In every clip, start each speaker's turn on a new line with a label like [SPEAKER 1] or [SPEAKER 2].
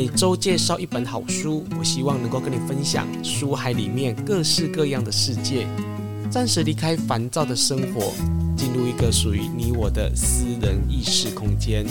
[SPEAKER 1] 每週介紹一本好書，我希望能夠跟你分享書海裡面各式各樣的世界，暫時離開煩躁的生活，進入一個屬於你我的私人意識空間。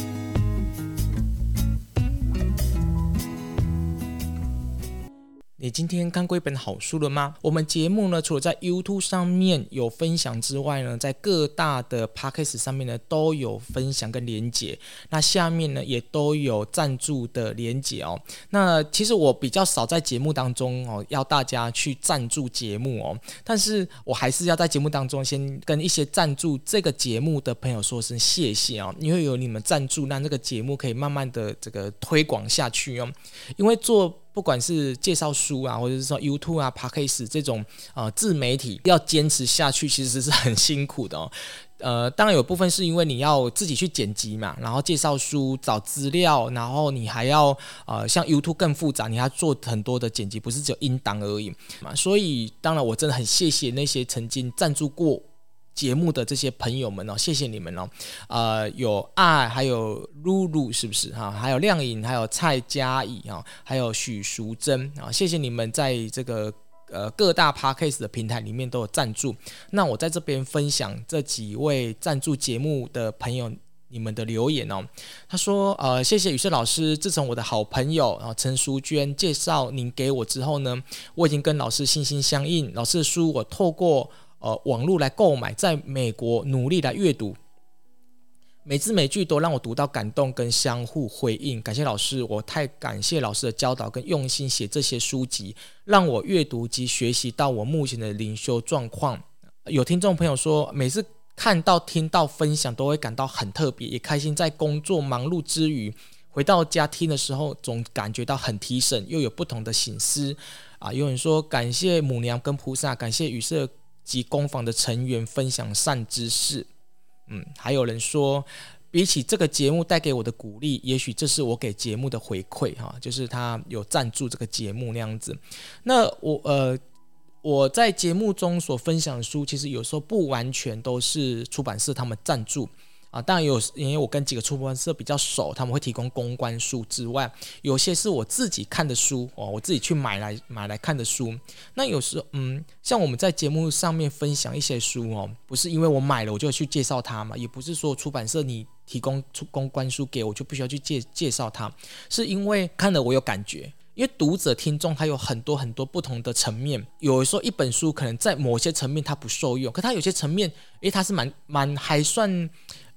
[SPEAKER 1] 你今天看過一本好書了嗎？我們節目呢，除了在 YouTube 上面有分享之外呢，在各大的 Podcast 上面呢都有分享跟連結。那下面呢也都有贊助的連結哦。那其實我比較少在節目當中哦，要大家去贊助節目哦。但是我還是要在節目當中先跟一些贊助這個節目的朋友說聲謝謝哦，因為有你們贊助，讓這個節目可以慢慢的這個推廣下去哦。因為做。不管是介紹書啊，或者是說 YouTube 啊，Podcast 這種呃自媒體，要堅持下去，其實是很辛苦的哦。呃，當然有部分是因為你要自己去剪輯嘛，然後介紹書找資料，然後你還要呃像 YouTube 更複雜，你要做很多的剪輯，不是只有音檔而已嘛。所以，當然我真的很謝謝那些曾經贊助過節目的這些朋友們哦，謝謝你們哦，呃，有愛還有露露，是不是哈、啊？還有亮穎，還有蔡佳怡哈、啊，還有許淑珍啊，謝謝你們在這個呃各大 Podcast 的平台裡面都有贊助。那我在這邊分享這幾位贊助節目的朋友，你們的留言哦。他說：呃，謝謝宇色老師，自從我的好朋友啊陳淑娟介紹您給我之後呢，我已經跟老師心心相印，老師的書我透過。呃、哦，網絡來購買，在美國努力來閱讀，每字每句都讓我讀到感動跟相互回應。感謝老師，我太感謝老師的教導跟用心寫這些書籍，讓我閱讀及學習到我目前的靈修狀況。有聽眾朋友說，每次看到聽到分享，都會感到很特別，也開心。在工作忙碌之餘，回到家聽的時候，總感覺到很提神，又有不同的省思。啊，有人說感謝母娘跟菩薩，感謝宇色。及工坊的成員分享善知識，嗯，還有人說，比起這個節目帶給我的鼓勵，也許這是我給節目的回饋哈、啊，就是他有贊助這個節目那樣子。那我呃，我在節目中所分享的書，其實有時候不完全都是出版社他們贊助。啊，當然有，因為我跟幾個出版社比較熟，他們會提供公關書之外，有些是我自己看的書哦，我自己去買來買來看的書。那有時候，嗯，像我們在節目上面分享一些書哦，不是因為我買了我就去介紹它嘛，也不是說出版社你提供出公關書給我就不需要去介介紹它，是因為看了我有感覺，因為讀者聽眾他有很多很多不同的層面，有的時候一本書可能在某些層面它不受用，可它有些層面，哎，它是蠻蠻還算。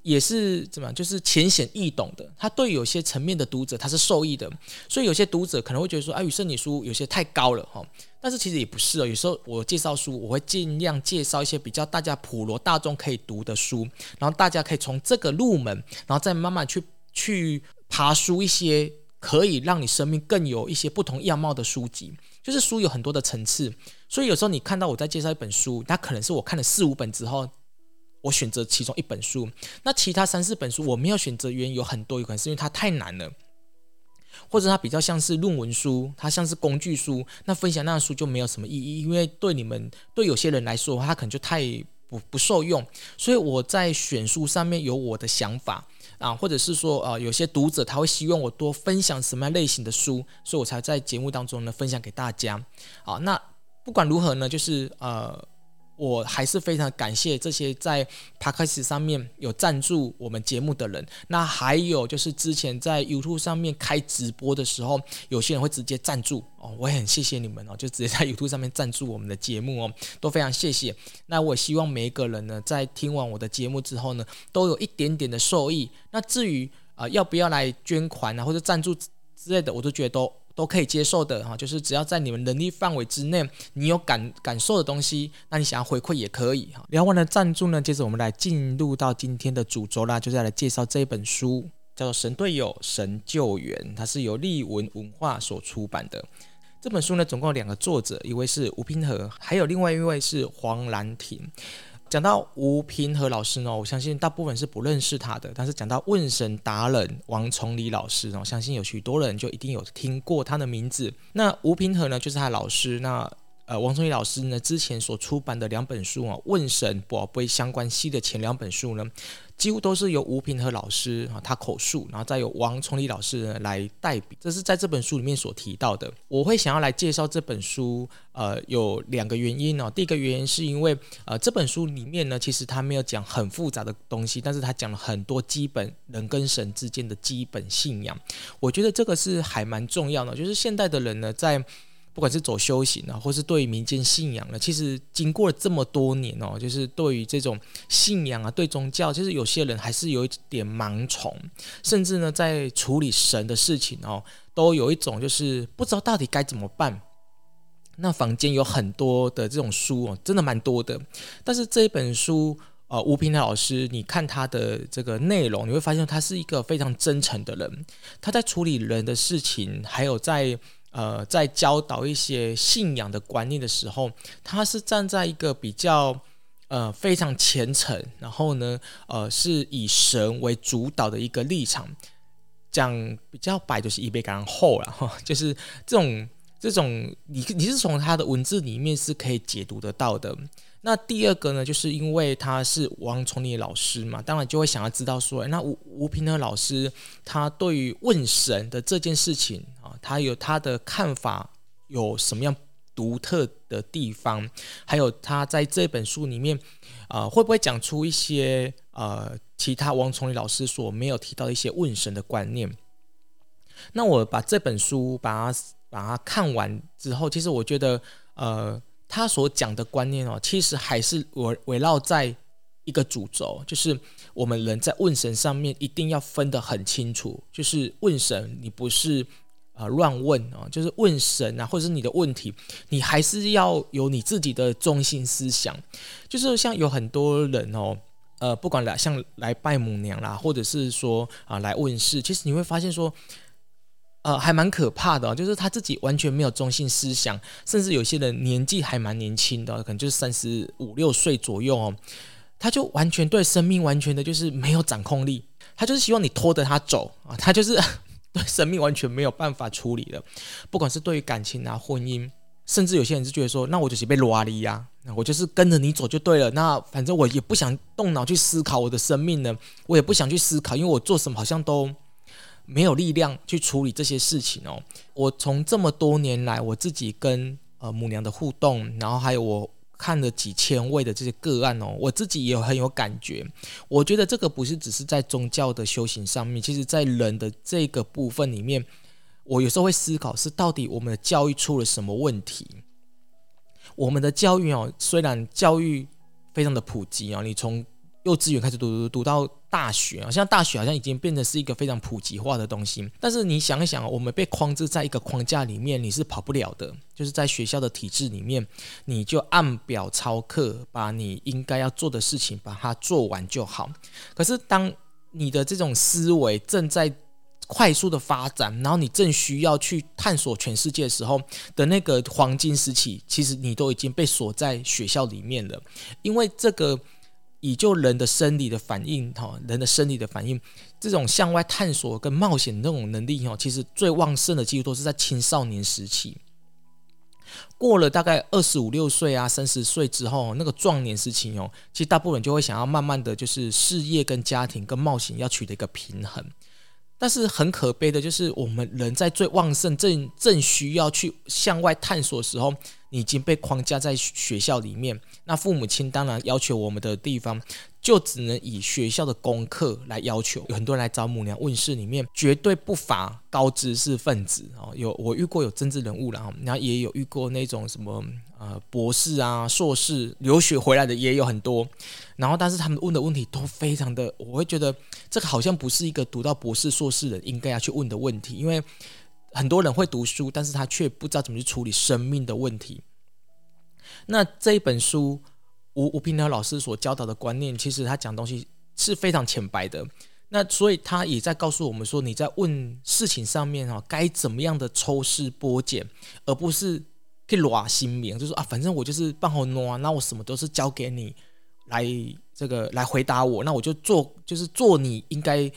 [SPEAKER 1] 也是怎麼樣？就是淺顯易懂的，他對有些層面的讀者他是受益的，所以有些讀者可能會覺得說啊，宇色你書有些太高了哈、哦，但是其實也不是哦。有時候我介紹書，我會盡量介紹一些比較大家普羅大眾可以讀的書，然後大家可以從這個入門，然後再慢慢去去爬書一些可以讓你生命更有一些不同樣貌的書籍。就是書有很多的層次，所以有時候你看到我在介紹一本書，那可能是我看了四五本之後。我選擇其中一本書，那其他三四本書我沒有選擇，原因有很多，有可能是因為它太難了，或者它比較像是論文書，它像是工具書，那分享那本書就沒有什麼意義，因為對你們，對有些人來說的話，它可能就太不不受用。所以我在選書上面有我的想法啊，或者是說呃，有些讀者他會希望我多分享什麼樣類型的書，所以我才在節目當中呢分享給大家。好，啊，那不管如何呢，就是呃。我還是非常感謝這些在 Podcast 上面有贊助我們節目的人。那還有就是之前在 YouTube 上面開直播的時候，有些人會直接贊助哦，我也很謝謝你們哦，就直接在 YouTube 上面贊助我們的節目哦，都非常謝謝。那我希望每一個人呢，在聽完我的節目之後呢，都有一點點的受益。那至於啊、呃、要不要來捐款啊或者贊助之類的，我都覺得都。都可以接受的哈，就是只要在你們能力範圍之內，你有感感受的東西，那你想要回饋也可以哈。聊完了贊助呢，接着我們來進入到今天的主軸啦，就再、是、來，來介紹這一本書，叫做《神隊友·神救援》，它是由麗文文化所出版的。這本書呢，總共有兩個作者，一位是吳平和，還有另外一位是黃蘭婷。講到吳平和老師呢，我相信大部分是不認識他的。但是講到問神達人王崇禮老師呢，我相信有許多人就一定有聽過他的名字。那吳平和呢，就是他的老師。那呃，王崇禮老師呢，之前所出版的兩本書啊，《問神寶貝》相關系列的前兩本書呢，幾乎都是由吳平和老師啊，他口述，然後再由王崇禮老師呢來代筆。這是在這本書裡面所提到的。我會想要來介紹這本書，呃，有兩個原因哦、啊。第一個原因是因為，呃，這本書裡面呢，其實他沒有講很複雜的東西，但是他講了很多基本人跟神之間的基本信仰。我覺得這個是還蠻重要的，就是現代的人呢，在不管是走修行啊，或是對於民間信仰呢，其實經過了這麼多年哦，就是對於這種信仰啊，對宗教，其實有些人還是有一點盲從，甚至呢，在處理神的事情哦，都有一種就是不知道到底該怎麼辦。那房間有很多的這種書哦，真的蠻多的。但是這一本書，呃，吳平和老師，你看他的這個內容，你會發現他是一個非常真誠的人。他在處理人的事情，還有在。呃，在教導一些信仰的觀念的時候，他是站在一個比較呃非常虔誠，然後呢，呃是以神為主導的一個立場。講比較白，就是以背感恩後了哈，就是這種這種你你是從他的文字裡面是可以解讀得到的。那第二個呢，就是因為他是王崇禮老師嘛，當然就會想要知道說，欸、那吳吳平和老師他對於問神的這件事情。他有他的看法，有什麼樣獨特的地方？還有他在這本書裡面，啊、呃，會不會講出一些呃其他王崇禮老師所沒有提到的一些問神的觀念？那我把這本書把它把它看完之後，其實我覺得，呃，他所講的觀念哦，其實還是圍圍繞在一個主軸，就是我們人在問神上面一定要分得很清楚，就是問神，你不是。啊，亂問啊，哦，就是問神啊，或者是你的問題，你還是要有你自己的中心思想。就是像有很多人哦，呃，不管來像來拜母娘啦，或者是說啊來問事，其實你會發現說，呃，還蠻可怕的，哦，就是他自己完全沒有中心思想，甚至有些人年紀還蠻年輕的，可能就是三十五六歲左右哦，他就完全對生命完全的就是沒有掌控力，他就是希望你拖着他走啊，他就是。對 生命完全沒有辦法處理的。不管是對於感情啊、婚姻,甚至有些人是覺得說，那我就是被拉力呀，我就是跟着你走就對了，那反正我也不想動腦去思考我的生命呢，我也不想去思考，因為我做什麼好像都沒有力量去處理這些事情哦。我從這麼多年來，我自己跟呃母娘的互動，然後還有我。看了幾千位的這些個案哦，我自己也有很有感覺。我覺得這個不是只是在宗教的修行上面，其實在人的這個部分裡面，我有時候會思考是到底我們的教育出了什麼問題？我們的教育哦，雖然教育非常的普及哦，你從幼稚園開始讀讀讀到。大學好像大學好像已經變得是一個非常普及化的東西。但是你想一想，我們被框製在一個框架裡面，你是跑不了的。就是在學校的體制裡面，你就按表操課，把你應該要做的事情把它做完就好。可是當你的這種思維正在快速的發展，然後你正需要去探索全世界的時候的那個黃金時期，其實你都已經被鎖在學校裡面了，因為這個。以就人的生理的反應，哈，人的生理的反應，這種向外探索跟冒險的那種能力，哈，其實最旺盛的，幾乎都是在青少年時期。過了大概二十五六歲啊，三十歲之後，那個壯年時期，哦，其實大部分人就會想要慢慢的就是事業跟家庭跟冒險要取得一個平衡。但是很可悲的就是，我們人在最旺盛、正正需要去向外探索的時候，你已經被框架在學校裡面。那父母親當然要求我們的地方。就只能以學校的功課來要求，有很多人來找母娘問事，裡面絕對不乏高知識分子啊。有我遇過有政治人物然後也有遇過那種什麼呃博士啊、碩士留學回來的也有很多。然後，但是他們問的問題都非常的，我會覺得這個好像不是一個讀到博士、碩士的人應該要去問的問題，因為很多人會讀書，但是他卻不知道怎麼去處理生命的問題。那這一本書。吳吳平和老師所教導的觀念，其實他講的東西是非常淺白的。那所以他也在告訴我們說，你在問事情上面啊，該怎麼樣的抽絲剝繭，而不是去拉神明，就是啊，反正我就是辦好拿，那我什麼都是交給你來這個來回答我，那我就做就是做你應該，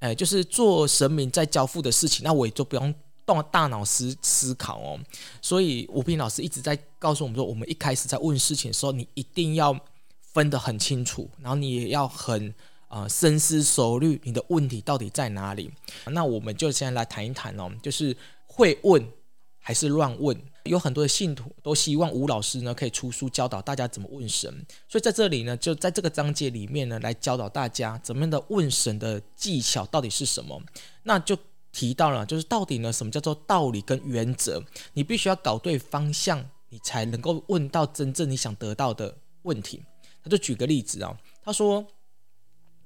[SPEAKER 1] 呃，就是做神明在交付的事情，那我也就不用。動了大腦思思考哦，所以吳平老師一直在告訴我們說，我們一開始在問事情的時候，你一定要分得很清楚，然後你也要很啊深思熟慮，你的問題到底在哪裡？那我們就先來談一談哦，就是會問還是亂問？有很多的信徒都希望吳老師呢可以出書教導大家怎麼問神，所以在這裡呢，就在這個章節裡面呢，來教導大家怎麼樣的問神的技巧到底是什麼？那就。提到了，就是到底呢，什麼叫做道理跟原則？你必須要搞對方向，你才能夠問到真正你想得到的問題。他就舉個例子啊、哦，他說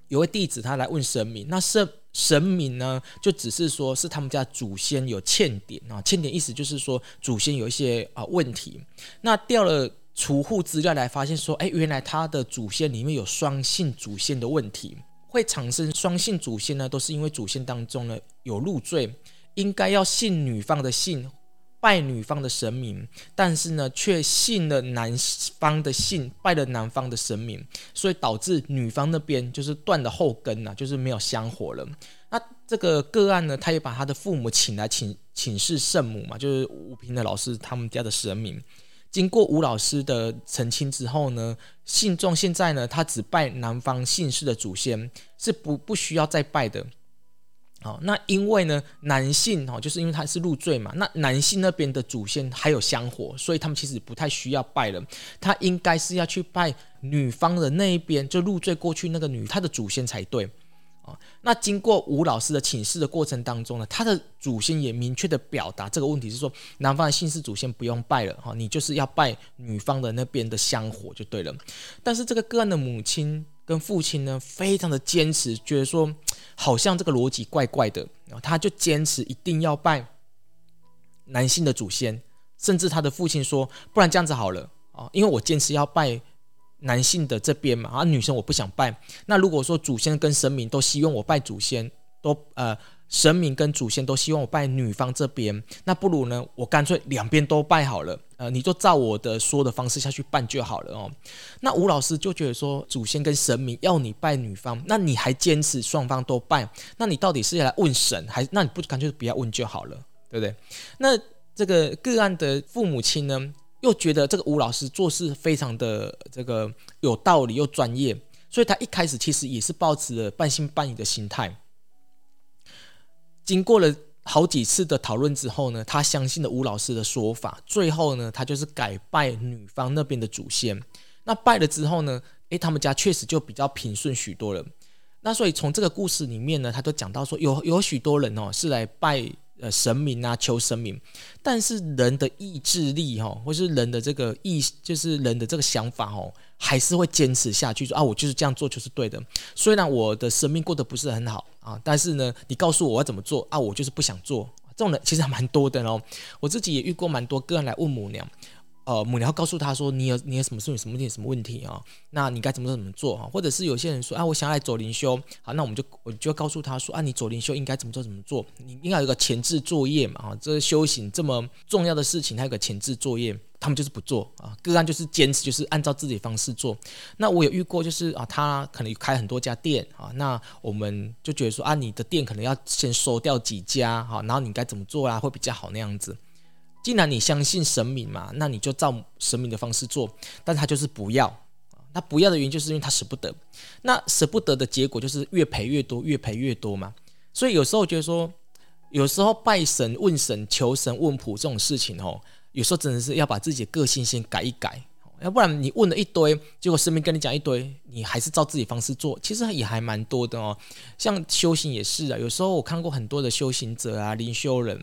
[SPEAKER 1] 有位弟子他來問神明，那神神明呢，就只是說是他們家祖先有欠點啊，欠點意思就是說祖先有一些啊問題。那調了族譜資料來發現說，哎、欸，原來他的祖先裡面有雙姓祖先的問題。會產生雙姓祖先呢，都是因為祖先當中呢有入贅，應該要信女方的姓，拜女方的神明，但是呢卻信了男方的姓，拜了男方的神明，所以導致女方那邊就是斷了後根了，啊，就是沒有香火了。那這個個案呢，他也把他的父母請來請請示聖母嘛，就是吳平的老師他們家的神明。經過吳老師的澄清之後呢，信眾現在呢，他只拜男方姓氏的祖先，是不不需要再拜的。哦，那因為呢，男性哦，就是因為他是入贅嘛，那男性那邊的祖先還有香火，所以他們其實不太需要拜了。他應該是要去拜女方的那一邊，就入贅過去那個女她的祖先才對。那經過吳老師的請示的過程當中呢，他的祖先也明確的表達這個問題是說，男方的姓氏祖先不用拜了哈，你就是要拜女方的那邊的香火就對了。但是這個個案的母親跟父親呢，非常的堅持，覺得說好像這個邏輯怪怪的，他就堅持一定要拜男性的祖先，甚至他的父親說，不然這樣子好了啊，因為我堅持要拜。男性的這邊嘛，啊，女生我不想拜。那如果說祖先跟神明都希望我拜祖先，都呃，神明跟祖先都希望我拜女方這邊，那不如呢，我乾脆兩邊都拜好了。呃，你就照我的說的方式下去辦就好了哦。那吳老師就覺得說，祖先跟神明要你拜女方，那你還堅持雙方都拜，那你到底是要來問神，還那你不乾脆不要問就好了，對不對？那這個個案的父母親呢，又覺得這個吳老師做事非常的這個有道理又專業，所以他一開始其實也是抱持了半信半疑的心態。經過了好幾次的討論之後呢，他相信了吳老師的說法。最後呢，他就是改拜女方那邊的祖先。那拜了之後呢，哎，他們家確實就比較平順許多了。那所以從這個故事裡面呢，他就講到說，有有許多人哦是來拜。呃，神明啊，求神明，但是人的意志力齁、哦，或是人的這個意，就是人的這個想法哦，還是會堅持下去，說啊，我就是這樣做就是對的。雖然我的生命過得不是很好啊，但是呢，你告訴我要怎麼做啊，我就是不想做。這種人其實還蠻多的哦，我自己也遇過蠻多個人來問母娘。呃，母娘、嗯、告訴他說，你有你有什麼事情、什麼點、什麼問題啊？那你該怎麼做怎麼做啊？或者是有些人說，啊，我想要來走靈修，好，那我們就我就告訴他說，啊，你走靈修應該怎麼做怎麼做？你應該有個前置作業嘛啊？這個修行這麼重要的事情，還有個前置作業，他們就是不做啊，個案就是堅持，就是按照自己的方式做。那我有遇過，就是啊，他可能開很多家店啊，那我們就覺得說，啊，你的店可能要先收掉幾家，哈、啊，然後你該怎麼做啊，會比較好那樣子。既然你相信神明嘛，那你就照神明的方式做，但他就是不要，他不要的原因就是因為他捨不得，那捨不得的結果就是越賠越多，越賠越多嘛。所以有時候覺得說，有時候拜神、問神、求神、問卜這種事情哦，有時候真的是要把自己的個性先改一改，要不然你問了一堆，結果神明跟你講一堆，你還是照自己方式做，其實也還蠻多的哦。像修行也是啊，有時候我看過很多的修行者啊，靈修人。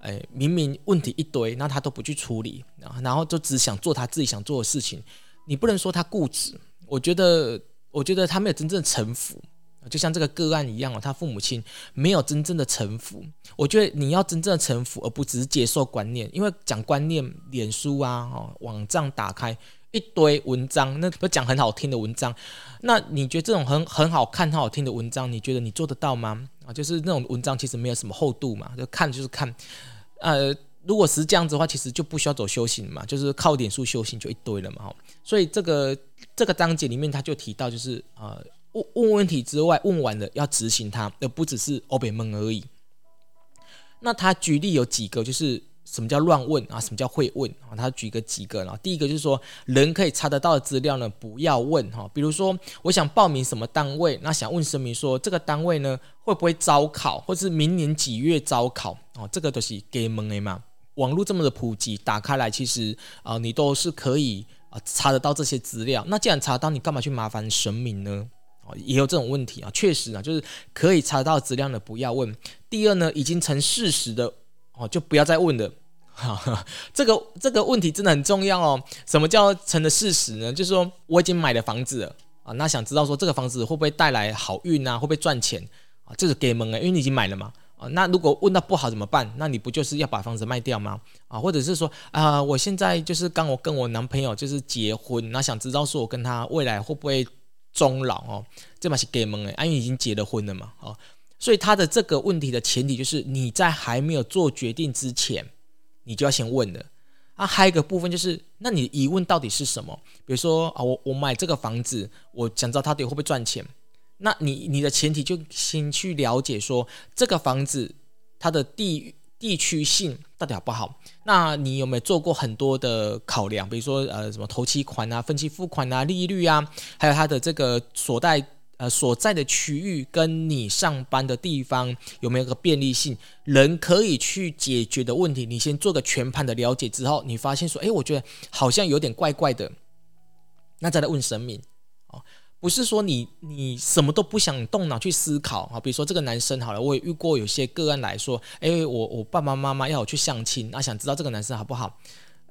[SPEAKER 1] 哎，明明問題一堆，那他都不去處理，然後就只想做他自己想做的事情。你不能說他固執，我覺得我覺得他沒有真正的臣服。就像這個個案一樣哦，他父母親沒有真正的臣服。我覺得你要真正的臣服，而不只是接受觀念。因為講觀念，臉書啊，網站打開一堆文章，那都講很好聽的文章。那你覺得這種很很好看、很好、好聽的文章，你覺得你做得到嗎？啊，就是那種文章其實沒有什麼厚度嘛，就看就是看，呃，如果是這樣子的話，其實就不需要走修行嘛，就是靠點數修行就一堆了嘛，哈。所以這個這個章節裡面他就提到，就是呃，問問問題之外，問完了要執行它，而不只是歐北夢而已。那他舉例有幾個，就是。什麼叫亂問啊？什麼叫會問啊？他舉個幾個，呢、啊。第一個就是說，人可以查得到的資料呢，不要問哈、啊。比如說，我想報名什麼單位，那想問神明說這個單位呢會不會招考，或是明年幾月招考哦、啊，這個都是假問的嘛。網絡這麼的普及，打開來其實啊，你都是可以啊查得到這些資料。那既然查得到，你幹嘛去麻煩神明呢？哦、啊，也有這種問題啊。確實啊，就是可以查得到資料的，不要問。第二呢，已經成事實的，哦，就不要再問了，哈，這個這個問題真的很重要哦。什麼叫成了事實呢？就是說我已經買了房子了啊，那想知道說這個房子會不會帶來好運啊，會不會賺錢啊？這是假問的，因為你已經買了嘛啊。那如果問到不好怎麼辦？那你不就是要把房子賣掉嗎？啊，或者是說啊、呃，我現在就是剛我跟我男朋友就是結婚，那想知道說我跟他未來會不會終老哦？這把是假問的，因為已經結了婚了嘛，哦。所以他的這個問題的前提就是你在還沒有做決定之前，你就要先問的啊。還有一個部分就是，那你疑問到底是什麼？比如說啊，我我買這個房子，我想知道它到底會不會賺錢。那你你的前提就先去了解說這個房子它的地地區性到底好不好？那你有沒有做過很多的考量？比如說呃，什麼頭期款啊、分期付款啊、利率啊，還有它的這個所貸。呃，所在的區域跟你上班的地方有沒有個便利性？人可以去解決的問題，你先做個全盤的了解之後，你發現說，哎，我覺得好像有點怪怪的，那再來問神明哦，不是說你你什麼都不想動腦去思考啊。比如說這個男生好了，我也遇過有些個案來說，哎，我我爸爸媽媽要我去相親，那，想知道這個男生好不好。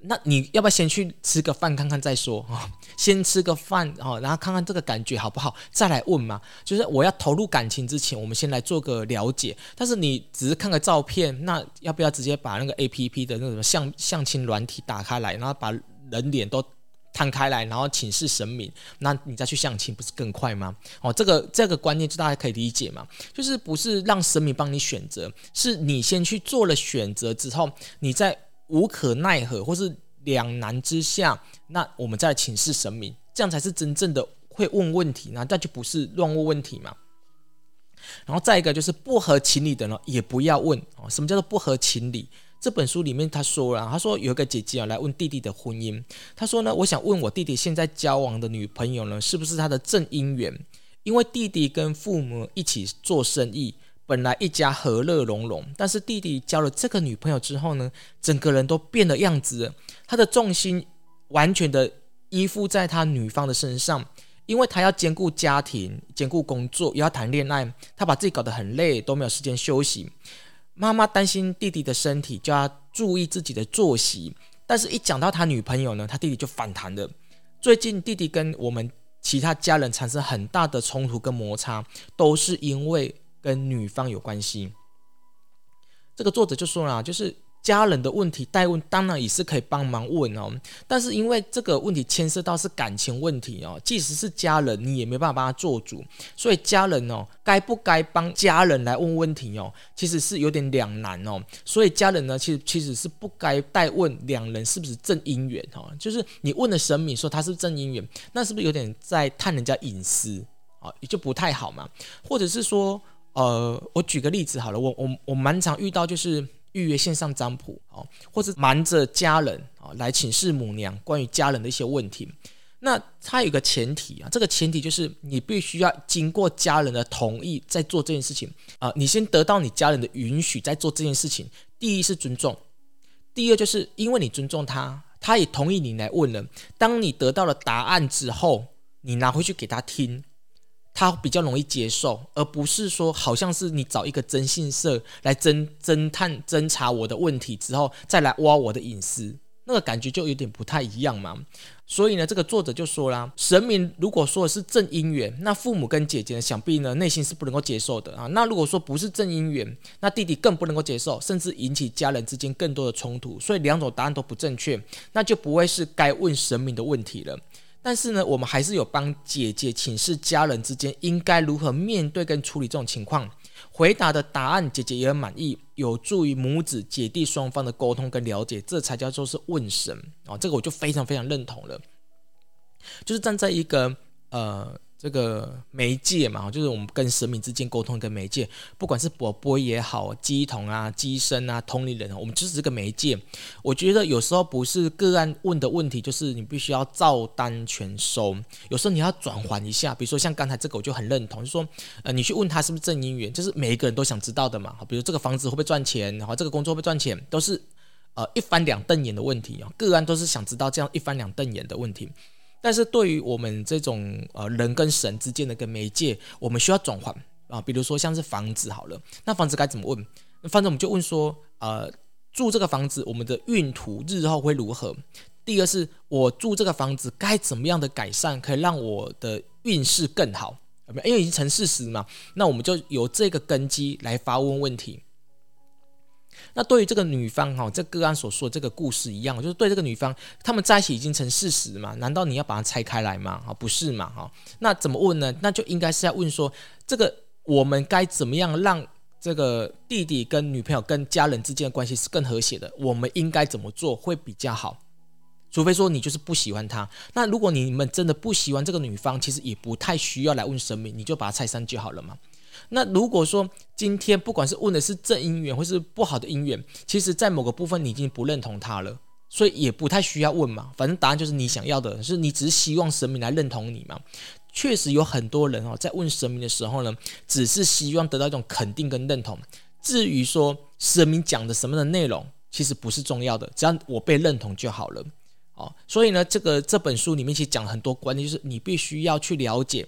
[SPEAKER 1] 那你要不要先去吃個飯看看再說哦，先吃個飯哦，然後看看這個感覺好不好，再來問嘛。就是我要投入感情之前，我們先來做個了解。但是你只是看個照片，那要不要直接把那個 APP 的那什麼相相親軟體打開來，然後把人臉都攤開來，然後請示神明，那你再去相親不是更快嗎？哦，這個這個觀念就大家可以理解嘛。就是不是讓神明幫你選擇，是你先去做了選擇之後，你再。無可奈何，或是兩難之下，那我們再請示神明，這樣才是真正的會問問題，那這就不是亂問問題嘛。然後再一個就是不合情理的呢，也不要問。哦，什麼叫做不合情理？這本書裡面他說了，啊，他說有一個姐姐啊來問弟弟的婚姻，他說呢，我想問我弟弟現在交往的女朋友呢，是不是他的正姻緣？因為弟弟跟父母一起做生意。本來一家和樂融融，但是弟弟交了這個女朋友之後呢，整個人都變了樣子了。他的重心完全的依附在他女方的身上，因為他要兼顧家庭、兼顧工作，也要談戀愛，他把自己搞得很累，都沒有時間休息。媽媽擔心弟弟的身體，就要注意自己的作息。但是，一講到他女朋友呢，他弟弟就反彈了。最近弟弟跟我們其他家人產生很大的衝突跟摩擦，都是因為。跟女方有關係，這個作者就說了，就是家人的問題代問，當然也是可以幫忙問哦。但是因為這個問題牽涉到是感情問題哦，即使是家人，你也沒辦法幫他做主。所以家人哦，該不該幫家人來問問題哦，其實是有點兩難哦。所以家人呢，其實其實是不該代問兩人是不是正姻緣哦。就是你問的神明說他是正姻緣，那是不是有點在探人家隱私啊、哦？也就不太好嘛。或者是說。呃，我舉個例子好了，我我我蠻常遇到就是預約線上占卜，哦，或者瞞着家人哦來請示母娘關於家人的一些問題。那他有個前提啊，這個前提就是你必須要經過家人的同意再做這件事情啊、呃，你先得到你家人的允許再做這件事情。第一是尊重，第二就是因為你尊重他，他也同意你來問人。當你得到了答案之後，你拿回去給他聽。他比較容易接受，而不是說好像是你找一個徵信社來偵偵探偵查我的問題之後，再來挖我的隱私，那個感覺就有點不太一樣嘛。所以呢，這個作者就說啦，神明如果說的是正姻緣，那父母跟姐姐想必呢內心是不能夠接受的啊。那如果說不是正姻緣，那弟弟更不能夠接受，甚至引起家人之間更多的衝突。所以兩種答案都不正確，那就不會是該問神明的問題了。但是呢，我們還是有幫姐姐請示，家人之間應該如何面對跟處理這種情況。回答的答案，姐姐也很滿意，有助於母子、姐弟雙方的溝通跟了解，這才叫做是問神啊！哦，這個我就非常非常認同了，就是站在一個呃。這個媒介嘛，就是我們跟神明之間溝通跟媒介，不管是波波也好、乩童啊、乩身啊、通靈人，我們就是這個媒介。我覺得有時候不是個案問的問題，就是你必須要照單全收。有時候你要轉換一下，比如說像剛才這個，我就很認同，就是、說，呃，你去問他是不是正姻緣，就是每一個人都想知道的嘛。比如這個房子會不會賺錢，然後這個工作會不會賺錢，都是呃一翻兩瞪眼的問題。個案都是想知道這樣一翻兩瞪眼的問題。但是對於我們這種呃人跟神之間的個媒介，我們需要轉換啊，比如說像是房子好了，那房子該怎麼問？反正我們就問說，呃，住這個房子，我們的運途日後會如何？第二是，我住這個房子該怎麼樣的改善，可以讓我的運勢更好？因為已經成事實嘛，那我們就由這個根基來發問問題。那對於這個女方哈，這個案所說的這個故事一樣，就是對這個女方，他們在一起已經成事實嘛，難道你要把它拆開來嗎？啊，不是嘛，哈。那怎麼問呢？那就應該是要問說，這個我們該怎麼樣讓這個弟弟跟女朋友跟家人之間的關係是更和諧的？我們應該怎麼做會比較好？除非說你就是不喜歡她。那如果你們真的不喜歡這個女方，其實也不太需要來問神明，你就把她拆散就好了嘛。那如果說今天不管是問的是正因緣或是不好的因緣，其實，在某個部分你已經不認同他了，所以也不太需要問嘛。反正答案就是你想要的，是你只是希望神明來認同你嘛。確實有很多人哦，在問神明的時候呢，只是希望得到一種肯定跟認同。至於說神明講的什麼的內容，其實不是重要的，只要我被認同就好了。哦，所以呢，這個這本書裡面其實講很多觀念，就是你必須要去了解。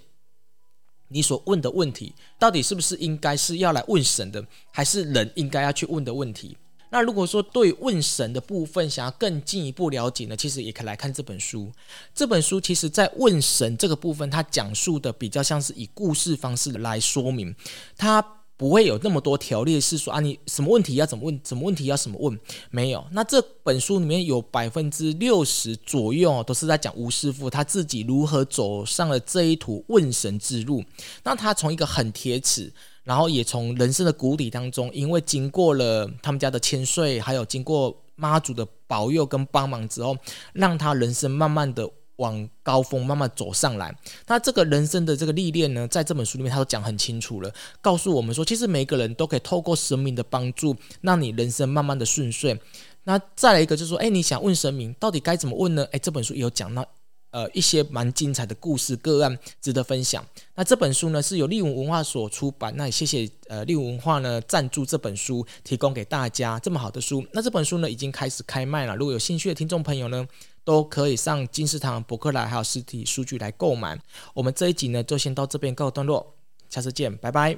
[SPEAKER 1] 你所問的問題，到底是不是應該是要來問神的，還是人應該要去問的問題？那如果說對問神的部分想要更進一步了解呢，其實也可以來看這本書。這本書其實在問神這個部分，它講述的比較像是以故事方式來說明它。不會有那麼多條例是說啊，你什麼問題要怎麼問，什麼問題要怎麼問，沒有。那這本書裡面有百分之六十左右都是在講吳師傅他自己如何走上了這一途問神之路。那他從一個很鐵齒，然後也從人生的谷底當中，因為經過了他們家的千歲，還有經過媽祖的保佑跟幫忙之後，讓他人生慢慢的。往高峰慢慢走上來，那這個人生的這個歷練呢，在這本書裡面他都講很清楚了，告訴我們說，其實每個人都可以透過神明的幫助，讓你人生慢慢的順遂。那再來一個就是說，誒，你想問神明到底該怎麼問呢？誒，這本書有講到，呃，一些蠻精彩的故事個案，值得分享。那這本書呢，是由麗文文化所出版，那也謝謝呃麗文文化呢贊助這本書，提供給大家這麼好的書。那這本書呢，已經開始開賣了，如果有興趣的聽眾朋友呢。都可以上金石堂、博客來還有實體數據來購買。我們這一集呢，就先到這邊告一段落，下次見，拜拜。